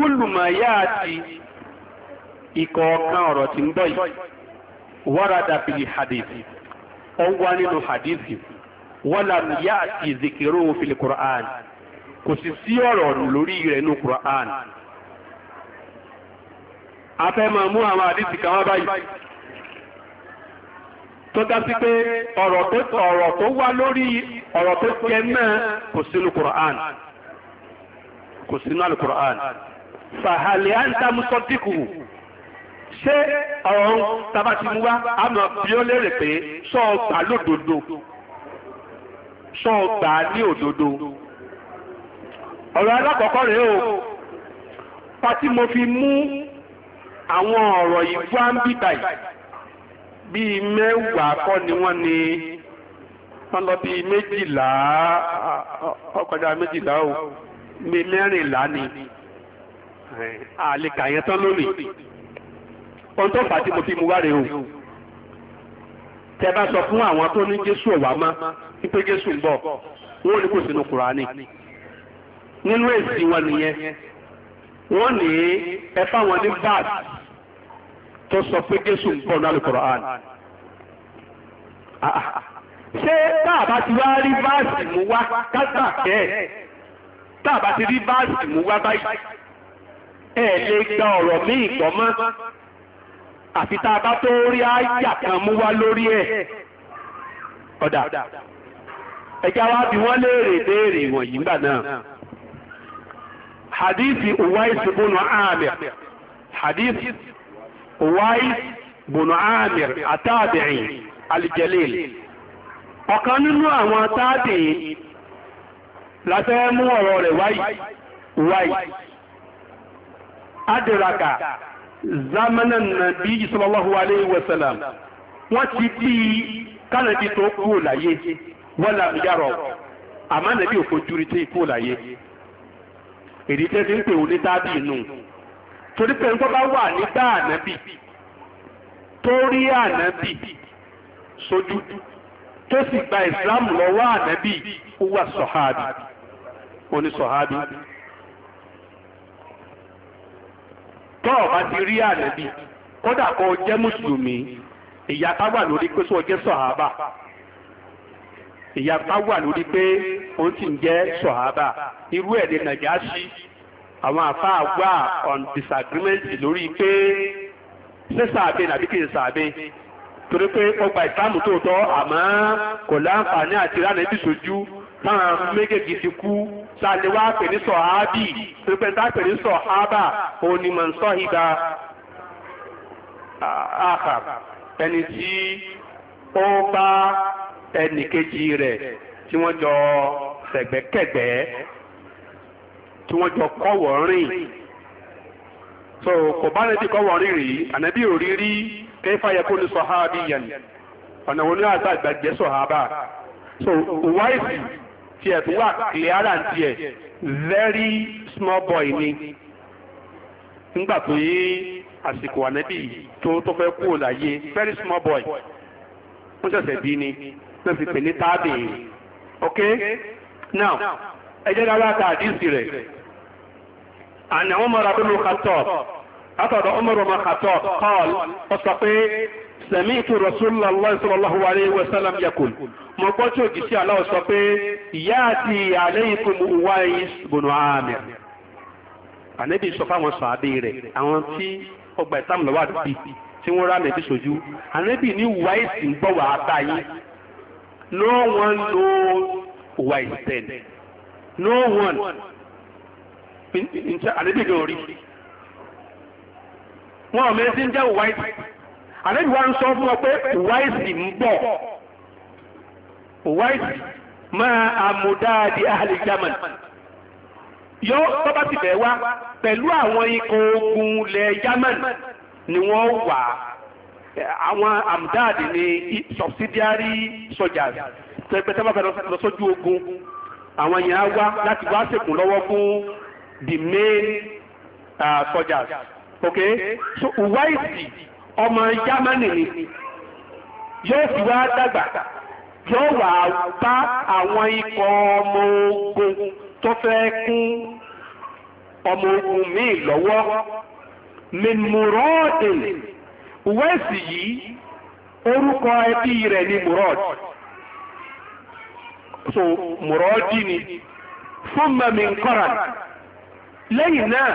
kúlùmọ̀ yá àti ìkọ̀ọ̀kan ọ̀rọ̀ tí ń bọ̀ yìí wárada bìlì hadithi ó wá nínú hadithi wọ́lá yá àti ìzìkìrò fìlì Qur'an kò sì sí ọ̀rọ̀ lórí rẹ̀ nínú Qur'an. a fẹ́ máa mú àwọn hadithi kan wá báyìí tó dá sí pé ọ̀rọ̀ tó wá lórí ọ̀rọ̀ tó jẹ náà kò sínú Qur'an kò sínú alukur'an fàhálẹ̀ àǹtà mùsọ̀díkù ṣé ọ̀rọ̀ tàbá ti mú wá àmọ́ bí ó lérè pé sọ́ọ̀gbà lódodo sọ́ọ̀gbà ní òdodo ọ̀rọ̀ alákọ̀ọ́kọ́ rèé o pati mo fi mú àwọn ọ̀rọ̀ yìí wá ń bí báyìí bíi mẹ́wàá kọ́ ni wọ́n ni wọ́n lọ bíi méjìlá ọkọjá méjìlá o mẹ́rìnlá ni àlekà yẹn tán lónìí ohun tó fà á tí mo fi mu wá rèé o tẹ bá sọ fún àwọn tó ní jésù ọ̀wá má wípé jésù ń bọ̀ wọn ò ní kò sínú kùránì nínú èsì wọn nìyẹn wọn ní ẹ fáwọn ní bad tó sọ pé jésù ń bọ̀ nínú kùránì ṣé táàbá ti wá rí báàsì mú wá kágbà kẹ́ ẹ̀ ti rí báàsì mú wá báyìí. ẹ̀ lè gba ọ̀rọ̀ ní ìgbọ́mọ́ àfi tá bá tó rí àyà kan mú wá lórí ẹ̀ ọ̀dà ẹ̀já wa bí wọ́n léèrè béèrè wọ̀nyí ńgbà náà hadithi uwais bunu amir hadithi uwais bunu amir atabi'in aljalil ọ̀kan nínú àwọn atabi'in la mú ọ̀rọ̀ rẹ̀ wáyé wáyé adraka zamanan nabi sallallahu alayhi wa sallam ti bí kánàbí tó kú láyé wọ́n là ń yàrọ̀ àmọ́ nàbí òfojúri tó kú láyé èdè tẹ́sí ń pè wọ́n ní tábì nù torí pé ń bá wà nígbà ànábì ànábì tó sì gba islam lọ́wọ́ ànábì ó wà sọ̀hábì tọ́ ọ bá ti rí ànábì kódà kó jẹ́ mùsùlùmí ìyapa wà lórí pé sọ jẹ́ sọ̀hábà ìyapa wà lórí pé òun sì ń jẹ́ sọ̀hábà irú ẹ̀ ní nàjàásì àwọn àfáà wà on disagreement lórí pé ṣé sàbẹ nàbí kì í sàbẹ torí pé ọgbà ìsìlámù tòótọ́ àmọ́ kò láǹfààní àti ránà ibi sójú táwọn méjèèjì ti kú sáàlì wá pè ní sọ̀hábì pípẹ́ tá pè ní sọ̀hábà ẹni tí ó bá ẹnì kejì rẹ̀ tí wọ́n jọ sẹ̀gbẹ́kẹ̀gbẹ́ tí wọ́n jọ kọ́wọ̀ rìn so kò bá nàbí kọ́wọ̀ rìn rí ànábì kẹfà yẹ kó ní yẹn so tiẹ̀ tó wà clear and tiẹ̀ very small boy ni nígbà tó yé àsìkò ànábì tó tó fẹ́ kú òláyé very small boy wọ́n ṣẹ̀ṣẹ̀ bí ni ló fi pè ní táàbì ok now ẹ jẹ́ dára ta àdísì rẹ̀ àná wọn mọ̀ra tó ló kàtọ́ àtọ̀dọ̀ ọmọrò mọ̀ kàtọ́ kọ́ọ̀lù ọ̀sọ̀ pé sẹ̀mí ìtò rọ̀ṣúlọ́lọ́ sallallahu alaihi wasallam mo gbọ́ tí òjì sí Allah sọ pé ìyá àti ìyá alaykum Uwais ibn Amir ànẹ́bí sọ fáwọn sàábé rẹ̀ àwọn tí ọgbà ìsàmù lọ́wọ́ àdúgbì tí wọ́n rà mẹ́bí sojú ànẹ́bí ní Uwais ń gbọ́ wà á báyìí no one know Uwais then no one ànẹ́bí gan orí wọn ò mẹ́rin tí ń jẹ́ Uwais ànẹ́bí wa ń sọ fún ọ pé Uwais ń bọ̀. Kuwait máa àmúdáàdì ahli Yaman yóò tó bá ti bẹ̀ wá pẹ̀lú àwọn ikọ̀ ogun ilẹ̀ Yaman ni wọ́n wà àwọn àmúdáàdì ní subsidiary soldiers tẹgbẹ́tẹ́ bá fẹ́ lọ sójú ogun àwọn yẹn á wá láti wá ṣèkùn lọ́wọ́ fún the main uh, soldiers ok so Kuwait ọmọ Yamani ni yóò fi wá dàgbà yóò wà bá àwọn ikọ̀ ọmọ ogun tó fẹ́ kún ọmọ ogun míì lọ́wọ́ min murodin yìí orúkọ ẹbí rẹ̀ ni murod so murodi ni fún mẹ́mi nkọ́ra lẹ́yìn náà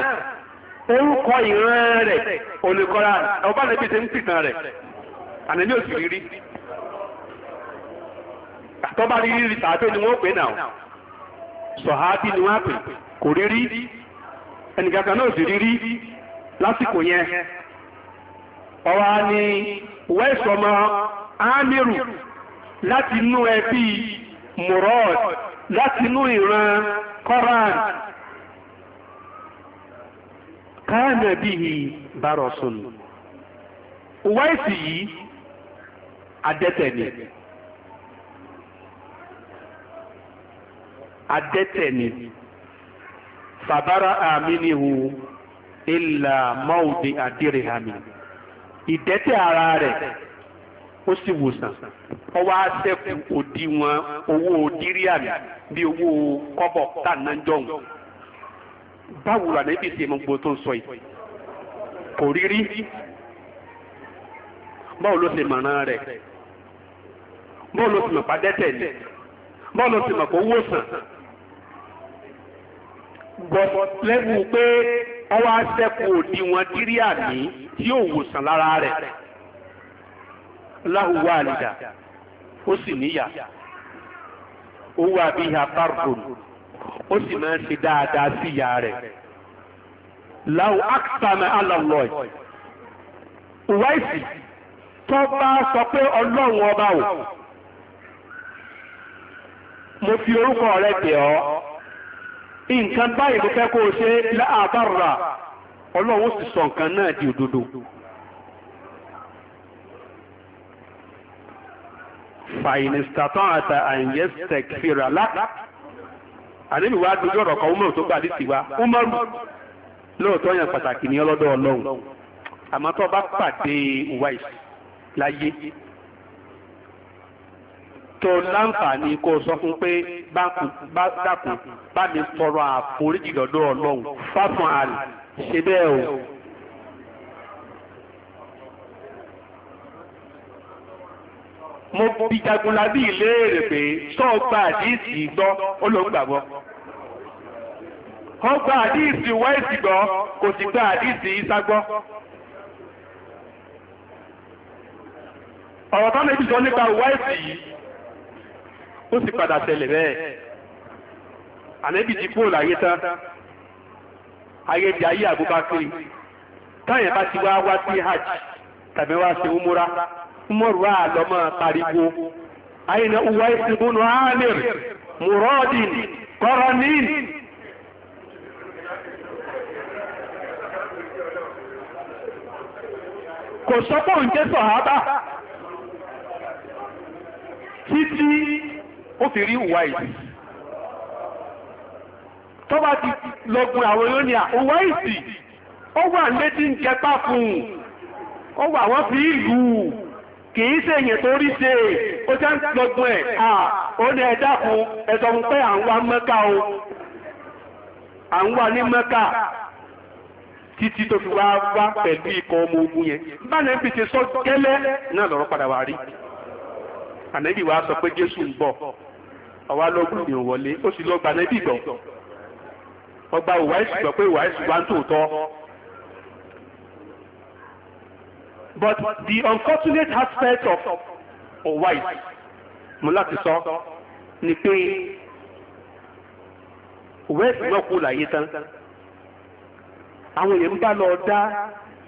orúkọ ìran rẹ̀ olùkọ́ra ọba nàbí ti ń pìtàn rẹ̀ ànàbí òsì rírí. àtọ́bá rí rí tàbí ni wọ́n pè náà sọ̀hábí ni wọ́n pè kò rí rí ẹnìkankan náà sì rí rí lásìkò yẹn ọwá ni wẹ́sọ̀mọ ámìrù láti inú ẹbí murad láti inú ìran koran káàmì ẹbí bárọ̀sùn wẹ́sì yìí adẹ́tẹ̀ adẹ́tẹ̀ ni fàbára àmínihù ilà mọ́ọ̀dì àdírìhàmì ìdẹ́tẹ̀ ara rẹ̀ ó sì wòsàn ó wá sẹ́kù òdiwọ̀n owó díríàmì bí owó kọ́bọ̀ tànájọ́hùn báwo la níbi ìsèmọ̀ gbogbo tó ń sọ yìí kò rí rí báwo ló ṣe mọ̀ràn rẹ̀ báwo ló ṣe mọ̀ padẹ́tẹ̀ ni báwo ló ṣe mọ̀ kó wòsàn. but level pé ọwọ́ aṣẹ́kù wọn díríà ní tí yóò wòsàn lára rẹ̀ láhùwà àlìdà ó sì níyà ó wà bí àbárùkùn ó sì máa ń ṣe dáadáa sí ìyá rẹ̀ láhù àkàtàmì alàlọ́ì ìwáìsì tó bá sọ pé ọlọ́run ọba ò mo fi orúkọ rẹ̀ bẹ̀ ọ́. nǹkan báyìí ló fẹ́ kó o ṣe láàbára ọlọ́run ó sì sọ nǹkan náà di òdodo. fàìnìsítàtàn àtà àyẹ̀sẹ̀k fìrà lápá àdébì wa dojú ọ̀rọ̀ kan umaru tó gbàdí tiwa umaru lóòótọ́ yẹn pàtàkì ní ọlọ́dọ̀ ọlọ́run àmọ́ bá pàdé wáìsì láyé tó láǹfààní kó sọ fún pé dákun bá mi tọrọ àforíjì lọ́dọ̀ ọlọ́run fáfún àlè ṣe bẹ́ẹ̀ o. mo bi jagunlabi léèrè pé sọ́ọ̀gbà àdìsí gbọ́ ó ló ń gbàgbọ́ ó àdìsí wẹ́ẹ̀sì gbọ́ kò sì gba àdìsí isa gbọ́. ọ̀rọ̀ táwọn ẹbí sọ nípa wẹ́ẹ̀sì yìí ó sì padà tẹ̀lẹ̀ bẹ́ẹ̀ ànẹ́bì ti kúrò láyé tán ayé di ayé àbúbákiri táyẹ̀ bá ti wá wá sí hajj tàbí wá sí umura umaru wa lọ́mọ pariwo ayina uwa isibunu amir murodin koronin kò sọ́pọ̀ ń jẹ́ sọ̀hábà títí ó fi rí Uwais tó bá ti lọ́gun àwọn yóò ní à Uwais ó wà létí ń jẹpá fún ó wà wọ́n fi ìlú kìí ṣe èyàn tó rí ṣe ó jẹ́ lọ́gbọ́n ẹ̀ ó ní o à ní mẹ́kà títí tó fi wá wá pẹ̀lú ọmọ ogun yẹn báyìí bí ti sọ gẹ́lẹ́ náà lọ́rọ̀ padà wá rí ànábì wá sọ pé Jésù ń bọ̀ ọwá ló gbọ́n mi wọlé ó sì lọ gbà níbí gbọ́ ọgbà ìwà ìsùgbọ́ pé ìwà ìsùgbọ́ ń tòótọ́. But the unfortunate aspect of ọ̀wáì mo láti sọ ni pé wẹ́ẹ̀sì náà kú láyé tán àwọn èèyàn ń bá lọ dá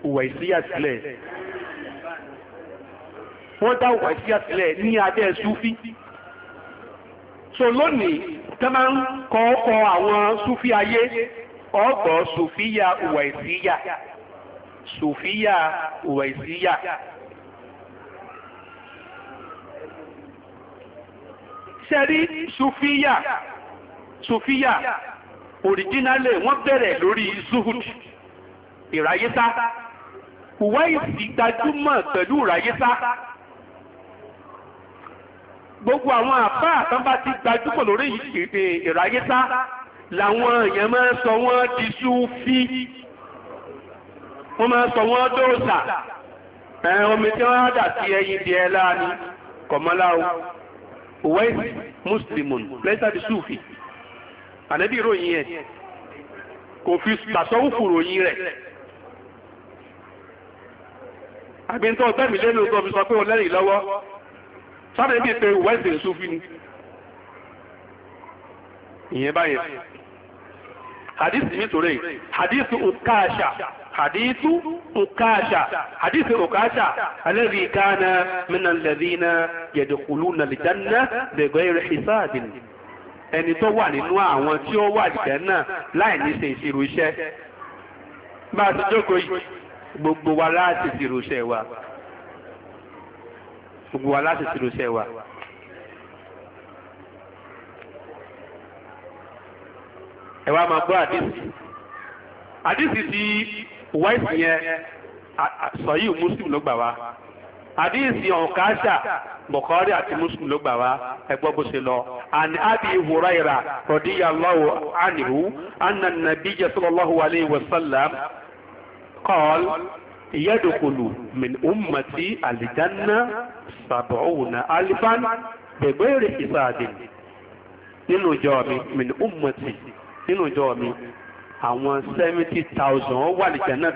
ìwà ìsíyà sílẹ̀ wọ́n dá ìwà ìsíyà sílẹ̀ ní abẹ́ Súfí so lónìí tẹ́ máa ń kọ́ ọkọ̀ àwọn sufi ayé ọgbọ̀ sofiya uwaisiya sofiya uwaisiya. sẹ́rí sufiya sufiya òrìjínálè wọ́n bẹ̀rẹ̀ lórí zuhud ìráyésá uwaisi gbajúmọ̀ pẹ̀lú ìráyésá gbogbo àwọn àpá àtàn bá ti gbajúmọ̀ lórí èdè ìráyétá làwọn èèyàn máa ń sọ wọ́n di súfí wọ́n máa ń sọ wọ́n dóòsà omi tí wọ́n á dà sí ẹyin di ẹ láàánú kọ̀mọ́láwo wẹ́ẹ̀sì mùsùlùmùn lẹ́sà di súfì ànábì ìròyìn ẹ̀ kò fi tàṣọ́wùfù ròyìn rẹ̀ àgbẹ̀ntọ́ ọgbẹ́mìlẹ́nu tó fi sọ pé lọ́wọ́ sáré bí pé wẹ́ẹ̀sì súfì ni ìyẹn báyẹn hadith mi tó rẹ̀ hadith ukaasha hadith ukaasha hadith ukaasha alladhi kana min alladhina yadkhuluna aljanna bighayri hisabin ẹni tó wà nínú àwọn tí ó wà nìkẹ́ náà láì ní ṣe ìṣirò iṣẹ́ bá a ti jókòó yìí gbogbo wa láti ìṣirò iṣẹ́ wa. gbogbo wa láti ṣe lóṣẹ wa. ẹ wá máa gbọ́ àdìsí àdìsí ti wáìsì yẹn sọ̀yí muslim ló gbà wá àdìsí ọ̀nkáṣà bọ̀kọ́rí àti muslim ló gbà wá ẹgbọ́ bó ṣe lọ. àní abi huraira radiyallahu anhu anna nabiyya sallallahu alayhi wa sallam yẹ́dùkùlù min ummati àlìjánná sàbọ̀ọ̀nà alifan bẹ̀gbẹ̀rẹ̀ ìsáàdì nínú ìjọ mi min ummati nínú ìjọ mi àwọn seventy thousand wà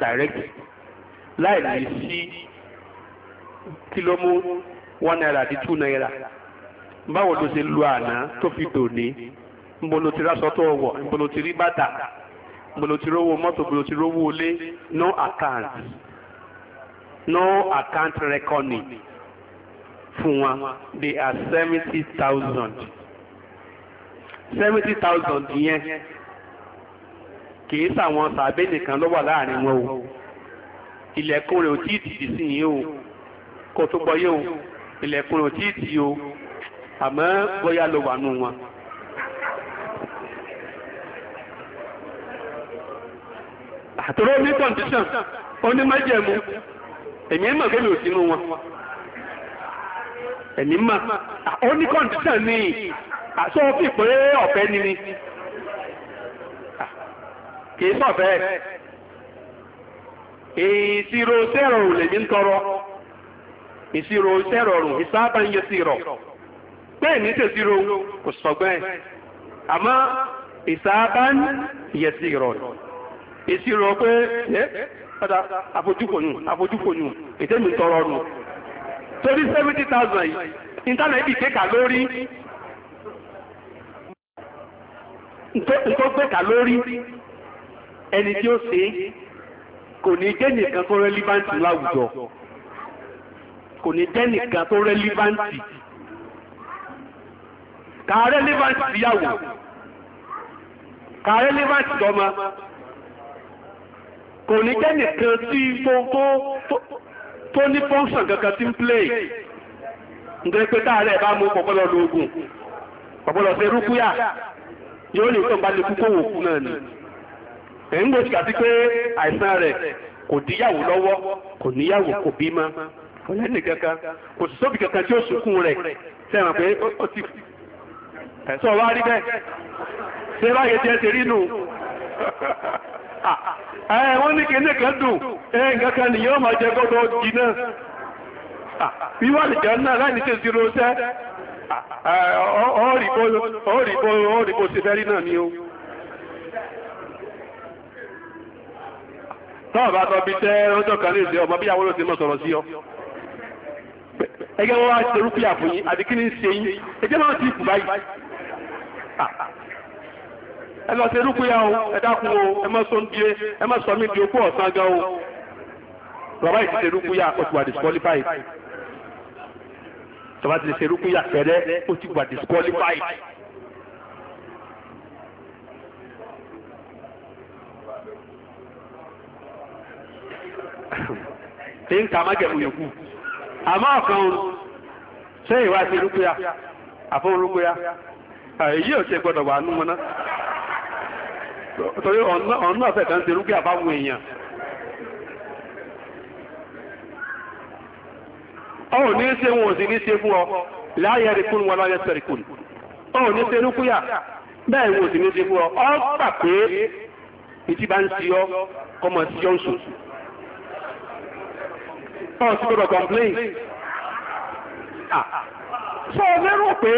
direct láì sí kìlómù one naira àti two naira báwo ló ṣe lu àná tó fi dòní ọwọ mbolotiri bàtà no account. no account reckoning fún wọn they are seventy thousand seventy thousand yẹn kì í sàwọn sàbẹ̀ nìkan ló wà láàrin wọn o ilẹ̀kùn rẹ̀ ò tí ì tìdí sí yìí o kó tó gbọ́ yìí o ilẹ̀kùn rẹ̀ ò tí ì tì o àmọ́ bóyá ló wà nù wọn. àtúrò ní condition ó ní májẹ̀mú. èmi mọ̀ kémi ò sínú wọn èmi mọ̀ ó ní àṣọ fi pé ọ̀fẹ́ ni ni kìí sọ̀fẹ́ ìṣirò sẹ́rọ̀ ò lèmi tọrọ ìṣirò sẹ́rọ̀ ọ̀rùn ìsáàbà ń yẹ sí rọ̀ pé ní tèṣirò kò sọ̀gbẹ́ àmọ́ ìsáàbà ń yẹ sí rọ̀ ìṣirò pé padà àfojúfòyùn àfojúfòyùn ìtẹ́mi tọrọ nù torí seventy thousand yìí íńtánẹ́ẹ̀tì kéka lórí nǹkan gbẹ̀ka lórí ẹni tí ó ṣe kò ní jẹ́ nìkan tó rẹ́líbáǹtì láwùjọ kò ní jẹ́ nìkan tó rẹ́líbáǹtì ka rẹ́líbáǹtì ìyàwó kà rẹ́líbáǹtì dọ́mọ kò ní jẹ́ nìkan tí tó ní fọ́nṣàn kankan tí ń play nítorí pé táàrẹ̀ bá mú pọ̀pọ̀lọ̀ lóògùn pọ̀pọ̀lọ̀ fẹ́ rúkúyà yóò ní ìtàn bá lè kúkó wò náà ni ẹ̀ ń gbòsìkà sí pé àìsàn rẹ̀ kò díyàwó lọ́wọ́ kò níyàwó kò bímọ kò lẹ́nì kankan kò sì sóbì kankan tí ó sunkún rẹ̀ sẹ́wọ̀n pé ó ti ẹ̀sọ́ wá rí bẹ́ẹ̀ ṣé báyìí Ah, eh, wọ́n ní kí ní kan dùn eh, kan jẹ jìnà ah, náà láì ní ah, eh, náà ni ó tọ́ọ̀ tọ́ bí tẹ́ ọjọ́ kan lè ṣe ọmọ bí àwọn olóṣèlú sọ̀rọ̀ sí ọ ẹgbẹ́ wọ́n wá ṣe rúpíà fún yí àdíkí ní ṣe yí máa ti báyìí ẹ lọ ṣe rúkúyà o o ẹ mọ sọ níbi ẹ di okú ọ̀sán gan o bàbá yìí ti ṣe rúkúyà ó ti wà disqualified bàbá ti ṣe rúkúyà kẹrẹ ó ti wà disqualified. tí ń ka èyí ò ṣe wà torí ọ̀nà ọ̀fẹ́ kan ti rúgbẹ́ àbáwọn èèyàn ọ̀hún ní ṣe wọn ò sí ní ṣe fún ọ láyé rikún wọn láyé sẹ̀rìkún ọ̀hún ní ṣe rúkúyà bẹ́ẹ̀ wọn ò sí ní ṣe fún ọ ọ gbà pé ìtì bá ń ṣe ọ kọmọ sí ọ ń sùn ọ sí gbọdọ̀ complain ah. sọ ọ lérò pé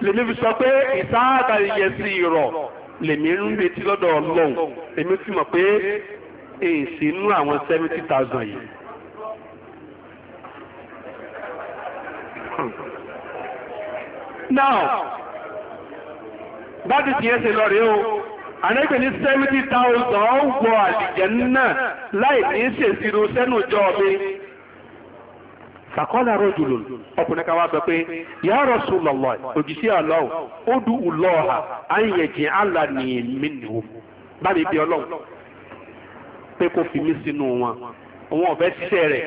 lèmi fi sọ pé ìsáàkà yẹ sí ìrọ̀ lèmi ń retí lọ́dọ̀ ọlọ́run lèmi fi mọ̀ pé èsì inú àwọn seventy thousand yìí. now bá ti tiẹ̀ ṣe lọ rèé o àrẹ́gbẹ̀ ní 70,000 wọ àlìjẹ̀ náà láì ní ṣèṣirò sẹ́nu jọ ọ̀bẹ fàkọ́lá rọ́jùlù ọkùnrin kan wá pé ya Rasulullah òjíṣẹ́ ọlọ́ọ̀ ó dùn ùlọ́ọ̀hà àyẹ̀jẹ̀ alani minhu bá mi bí ọlọ́ọ̀ pé kó fi mí sínú wọn òun ọ̀fẹ́ ṣiṣẹ́ rẹ̀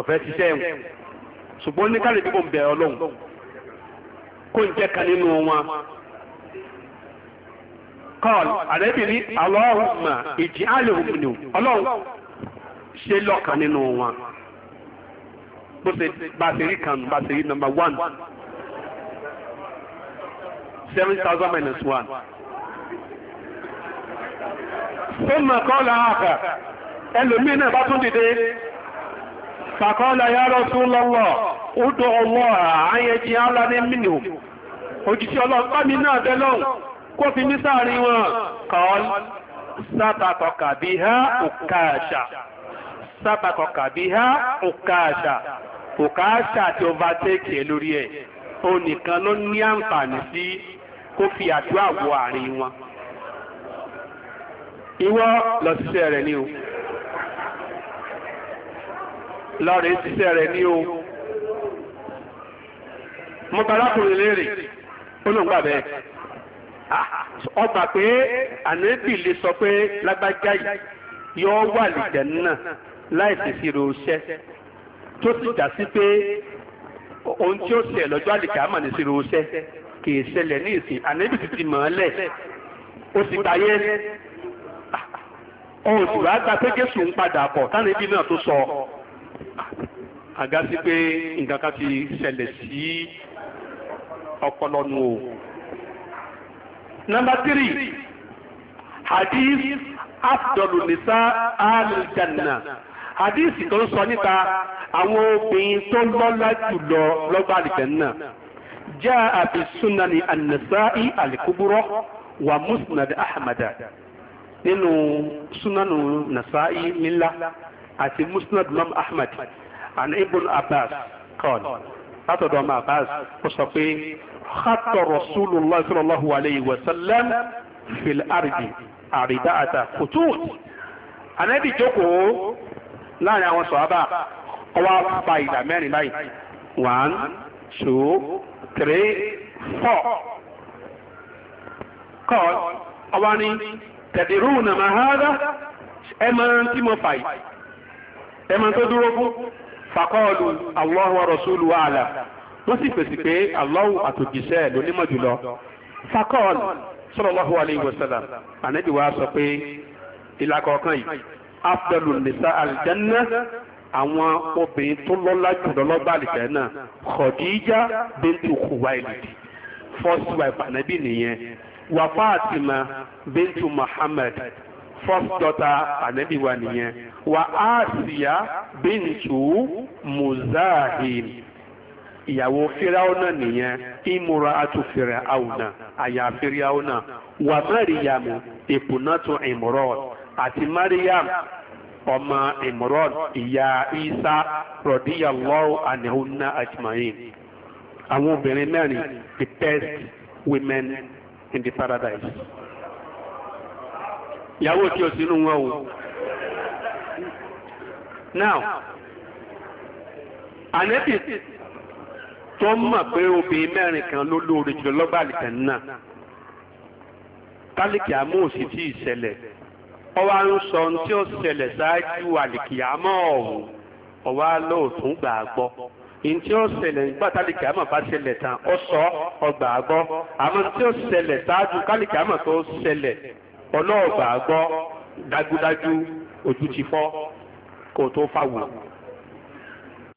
ọ̀fẹ́ ṣiṣẹ́ wọn ṣùgbọ́n ní ṣe lọ́kàn nínú wọn bó ṣe bá ṣe rí kan bá ṣe rí nọ́mbà one seven thousand minus one. ثم قال آخر ẹlòmíì náà bá tún dìde fàkọ́lá ya Rasulullah ó dọ̀ ọwọ́ àáyẹ jí ala ní mínú òjìṣẹ́ ọlọ́pàámi náà bẹ́lọ́un kó fi ní sáàrin wọn kọ́ sátàtọ̀kà bí ha òkàṣà sábàkọ̀ kàbí há òkàṣà òkàṣà tí ó bá tẹ́kì ẹ lórí ẹ̀ ó nìkan ló ní àǹfààní sí kó fi àdúrà wọ àárín wọn. ìwọ lọ ṣiṣẹ́ rẹ̀ ni o lọ́ọ̀rẹ́ ṣiṣẹ́ rẹ̀ ni o mo bá arákùnrin léèrè ó lóun gbà bẹ́ẹ̀ ọgbà pé ànẹ́bì lè sọ pé lágbájá yìí yọ wà lìjẹ̀ náà. láì ṣèṣirò iṣẹ́ tó sì já sí pé ohun tí ó ṣe lọ́jọ́ àlìkámà ní ìṣirò iṣẹ́ kì í ṣẹlẹ̀ ní ìsìn ànábì ti ti mọ̀ ọ́ lẹ̀ ó sì gbáyé ohun sì wá gba pé Jésù ń padà bọ̀ tánàbí náà tó sọ àga sí pé nǹkan kan ti ṣẹlẹ̀ sí ọpọlọ nù o. Number three, hadith àdíìsì tó ń sọ nípa àwọn obìnrin tó lọ́lá jùlọ lọ́gbà àlìjẹ́nà jẹ́ àbí súnani ànàsáì àlìkúbúrọ́ wà musnad ahmad nínú súnanu nasa'i nílá àti musnad mam ahmad an ibn abbas kọ́ọ̀lù látọ̀dọ̀ ọmọ abbas ó sọ pé khatta rasulullah sallallahu alayhi wa sallam fil ardi àrídá àtà kùtù ànábì jókòó láàrin àwọn sọ̀hábà ọwọ́ apá ìdá mẹ́rin báyìí one two three four kọ́ ọwọ́ ní tẹ̀dírù nà máa há dá ẹ máa ń tí mo fà yìí ẹ máa tó dúró fún fàkọ́ọ̀lù Allahu wa rasulu wa àlà wọ́n sì fèsì pé Allahu àtòjíṣẹ́ lónímọ̀ jùlọ fàkọ́ọ̀lù sallallahu alayhi wa sallam ànábì sọ pé ìlà yìí afdalu nisa alijanna àwọn obìnrin tó lọ́lá jùlọ lọ́gbà àlìjánà Khadija bintu Khuwailid first wife ànábì nìyẹn wa Fatima bintu Muhammad first daughter ànábì wa nìyẹn wa Asiya bintu Muzahim ìyàwó firaona nìyẹn ìmúra àtú firaona àyà firaona wa Mariam ìpùnàtú Imran àti Mariam ọmọ Imran ìyá Isa rọdíyàlọ́wọ́ àníhùnà ajmain àwọn obìnrin mẹ́rin the best women in the paradise ìyàwó tí o sínú wọn o now ànẹ́bì tó mọ̀ pé obìnrin mẹ́rin kan ló lóore jùlọ lọ́gbàlì kan náà tálíkì àmú òsì tí ìṣẹ̀lẹ̀ ọwá ń sọ ohun tí ó ṣẹlẹ̀ ṣáájú àlìkìyàmọ́ ọ̀hún ọwá lóòtún gbà á gbọ́ ní tí ó ṣẹlẹ̀ nígbà tálìkìyàmọ́ bá ṣẹlẹ̀ tán ó sọ ọgbà á gbọ́ àmọ́ tí ó ṣẹlẹ̀ ṣáájú kálìkìyàmọ́ tó ṣẹlẹ̀ ọlọ́ọ̀gbà á gbọ́ dájúdájú ojú ti fọ́ kó tó fáwọn.